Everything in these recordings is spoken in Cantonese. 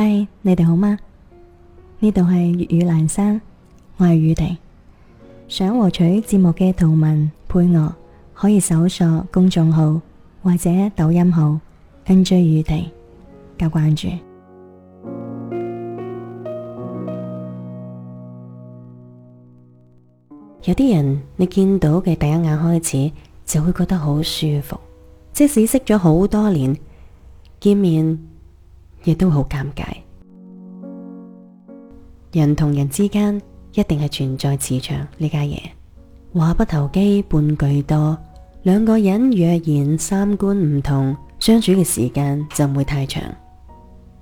嗨，hey, 你哋好嗎？呢度係粵語蘭山，我係宇婷。想獲取節目嘅圖文配樂，可以搜索公眾號或者抖音號 NJ 宇婷加關注。有啲人你見到嘅第一眼開始，就會覺得好舒服，即使識咗好多年，見面。亦都好尷尬，人同人之間一定係存在磁場呢家嘢。話不投機半句多，兩個人若然三觀唔同，相處嘅時間就唔會太長。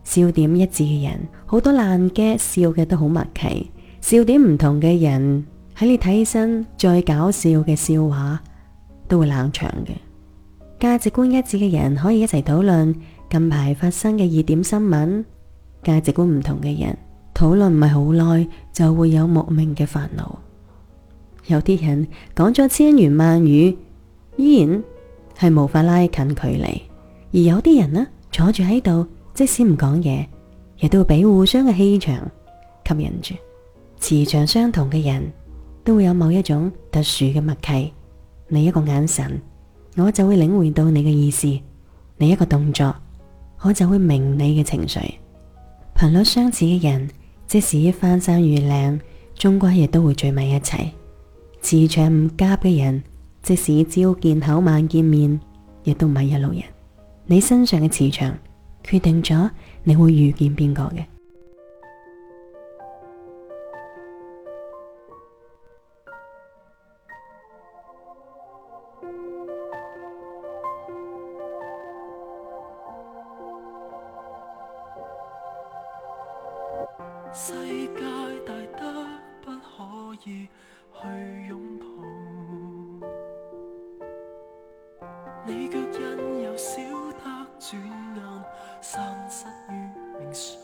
笑點一致嘅人，好多爛嘅笑嘅都好默契；笑點唔同嘅人，喺你睇起身再搞笑嘅笑話都會冷場嘅。價值觀一致嘅人可以一齊討論。近排發生嘅熱點新聞，價值觀唔同嘅人討論唔係好耐，就會有莫名嘅煩惱。有啲人講咗千言萬語，依然係無法拉近距離；而有啲人呢，坐住喺度，即使唔講嘢，亦都會俾互相嘅氣場吸引住。磁場相同嘅人都會有某一種特殊嘅默契。你一個眼神，我就會領會到你嘅意思；你一個動作。我就會明你嘅情緒，頻率相似嘅人，即使翻山越嶺，終歸亦都會聚埋一齊；磁場唔夾嘅人，即使朝見口晚見面，亦都唔係一路人。你身上嘅磁場，決定咗你會遇見邊個嘅。世界大得不可以去擁抱，你腳印又小得轉眼散失於命數。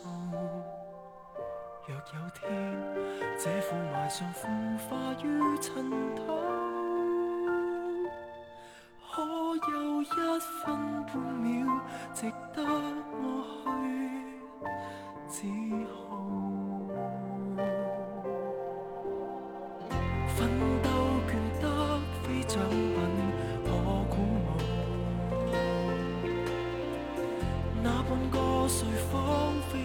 若有天這副賣相腐化於塵土，可有一分半秒值得我去？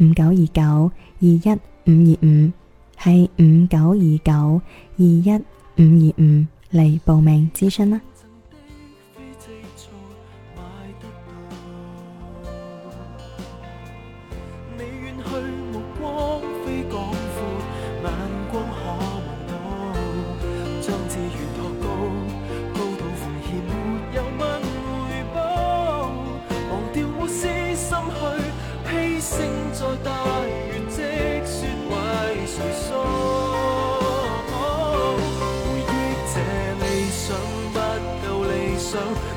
五九二九二一五二五係，五九二九二一五二五嚟報名諮詢啦。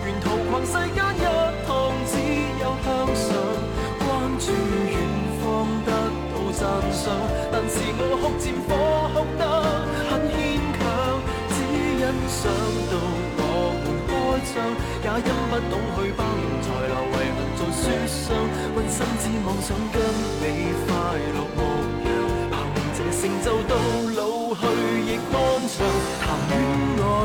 沿途逛世間一趟，只有向上，關注遠方得到讚賞。但是我哭戰火哭得很牽強，只因想到我們開張，也因不懂去包容才留遺恨在書上。問心只妄想跟你快樂模樣，憑這成就到老去亦